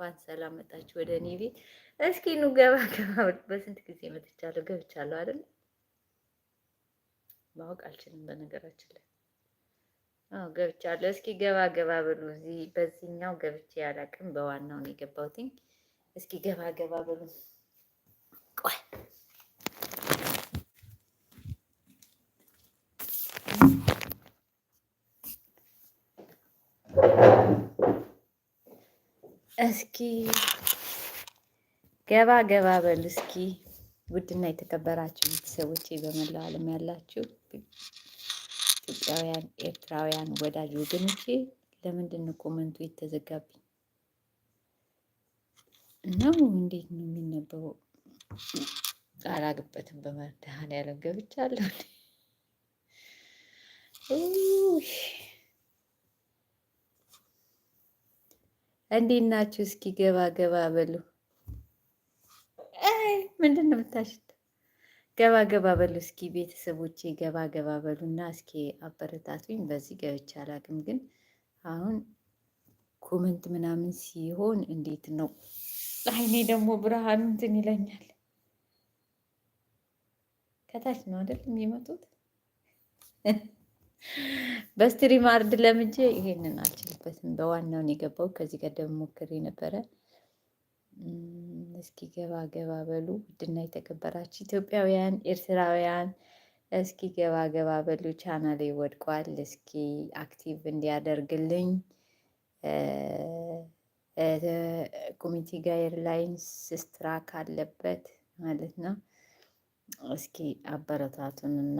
እንኳን ሰላም መጣችሁ ወደ እኔ ቤት። እስኪ ኑ ገባ ገባ። በስንት ጊዜ መጥቻለሁ ገብቻለሁ አይደል? ማወቅ አልችልም በነገራችን ላይ አዎ፣ ገብቻለሁ። እስኪ ገባ ገባ ብሉ። እዚህ በዚህኛው ገብቼ አላውቅም። በዋናው ነው የገባሁትኝ። እስኪ ገባ ገባ ብሉ። ቆይ እስኪ ገባ ገባ በል እስኪ። ውድና የተከበራችሁ ቤተሰቦች በመላው ዓለም ያላችሁ ኢትዮጵያውያን፣ ኤርትራውያን ወዳጅ ወገኖቼ ለምንድን ነው ኮመንቱ የተዘጋብኝ? ነው እንዴት ነው የሚነበበው? አላግበትም በመድኃኔዓለም ገብቻለሁ። እንዴት ናችሁ? እስኪ ገባ ገባ በሉ። ምንድን ነው የምታሽት? ገባ ገባ በሉ እስኪ ቤተሰቦቼ፣ ገባ ገባ በሉና እስኪ አበረታቱኝ። በዚህ ገብቼ አላውቅም፣ ግን አሁን ኮመንት ምናምን ሲሆን እንዴት ነው አይኔ ደግሞ ብርሃን እንትን ይለኛል። ከታች ነው አይደል የሚመጡት? በስትሪም አርድ ለምጄ ይሄንን አልችልበትም። በዋናው ነው የገባው ከዚህ ቀደም ሞክሬ ነበረ። እስኪ ገባ ገባ በሉ ውድና የተከበራችሁ ኢትዮጵያውያን፣ ኤርትራውያን እስኪ ገባ ገባ በሉ። ቻናሌ ወድቋል። እስኪ አክቲቭ እንዲያደርግልኝ ኮሚኒቲ ጋይድላይንስ ስትራክ አለበት ማለት ነው። እስኪ አበረታቱንና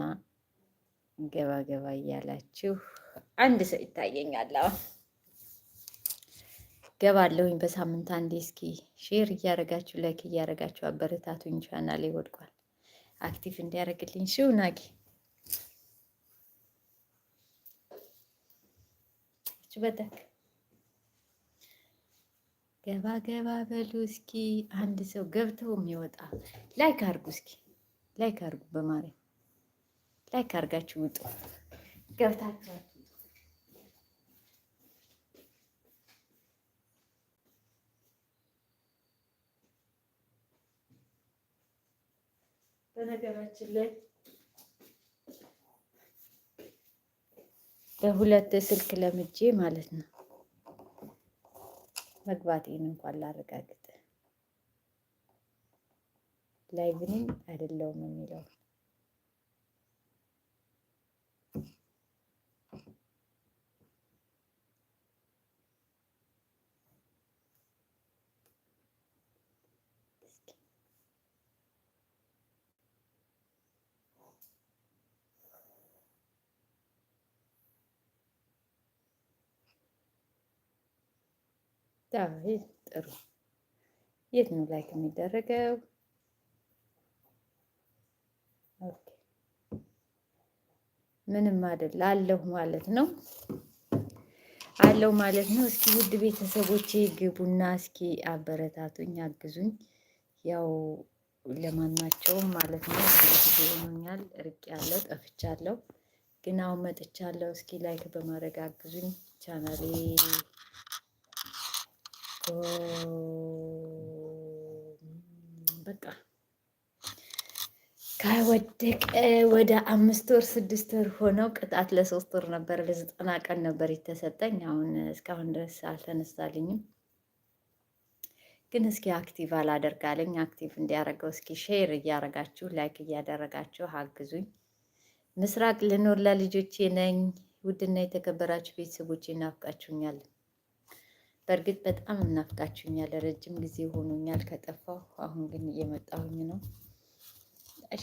ገባ ገባ እያላችሁ አንድ ሰው ይታየኛል። ገባ አለሁኝ በሳምንት አንዴ። እስኪ ሼር እያደረጋችሁ ላይክ እያደረጋችሁ አበረታቱኝ። ቻናል ይወድቋል አክቲቭ እንዲያደርግልኝ ሽው ናጊ በታክ ገባ ገባ በሉ እስኪ አንድ ሰው ገብተው የሚወጣ ላይክ አርጉ። እስኪ ላይክ አርጉ በማርያም ላይክ አድርጋችሁ ውጡ። ገብታችሁ በነገራችን ላይ በሁለት ስልክ ለምጄ ማለት ነው መግባቴን እንኳን ላረጋግጥ ላይቭንም አይደለውም የሚለው ጥሩ። የት ነው ላይክ የሚደረገው? ኦኬ ምንም አይደል አለሁ ማለት ነው አለው ማለት ነው። እስኪ ውድ ቤተሰቦቼ ግቡና እስኪ አበረታቱኝ፣ አግዙኝ። ያው ለማናቸውም ማለት ነው ጊዜ ጠፍቻለሁ። ግን አሁን መጥቻለሁ። እስኪ ላይክ በማድረግ አግዙኝ ቻናሌ በቃ ከወደቀ ወደ አምስት ወር ስድስት ወር ሆነው ቅጣት ለሶስት ወር ነበር ለዘጠና ቀን ነበር የተሰጠኝ። አሁን እስካሁን ድረስ አልተነሳልኝም። ግን እስኪ አክቲቭ አላደርጋለኝ አክቲቭ እንዲያደርገው እስኪ ሼር እያደረጋችሁ ላይክ እያደረጋችሁ አግዙኝ። ምስራቅ ልኖር ለልጆቼ ነኝ። ውድና የተከበራችሁ ቤተሰቦቼ እናፍቃችሁኛል። በእርግጥ በጣም እናፍቃችሁኛል። ረጅም ጊዜ ሆኖኛል ከጠፋሁ። አሁን ግን እየመጣሁኝ ነው።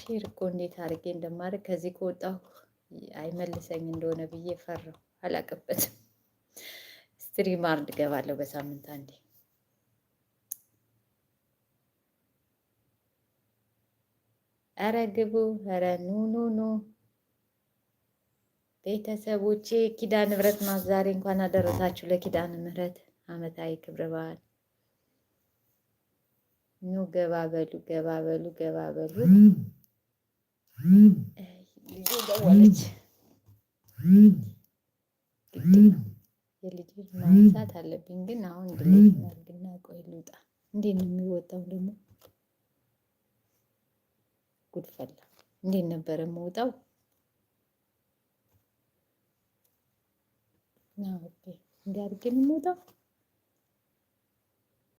ሼር እኮ እንዴት አድርጌ እንደማደርግ ከዚህ ከወጣሁ አይመልሰኝ እንደሆነ ብዬ ፈራሁ። አላቀበትም። ስትሪም አርድ ገባለሁ በሳምንት አንዴ። ኧረ ግቡ! ኧረ ኑ ኑ ኑ ቤተሰቦቼ። ኪዳነ ምሕረት ማዛሬ እንኳን አደረሳችሁ ለኪዳነ ምሕረት አመታዊ ክብረ በዓል ኑ ገባበሉ ገባበሉ ገባበሉ። ልጄ ደወለች። የልጆች ማንሳት አለብኝ ግን አሁን ድልና ቆይ ልውጣ። እንዴት ነው የሚወጣው ደግሞ ጉድፈላ እንዴት ነበረ መውጣው? እንዲህ አድርጌ ነው የምወጣው።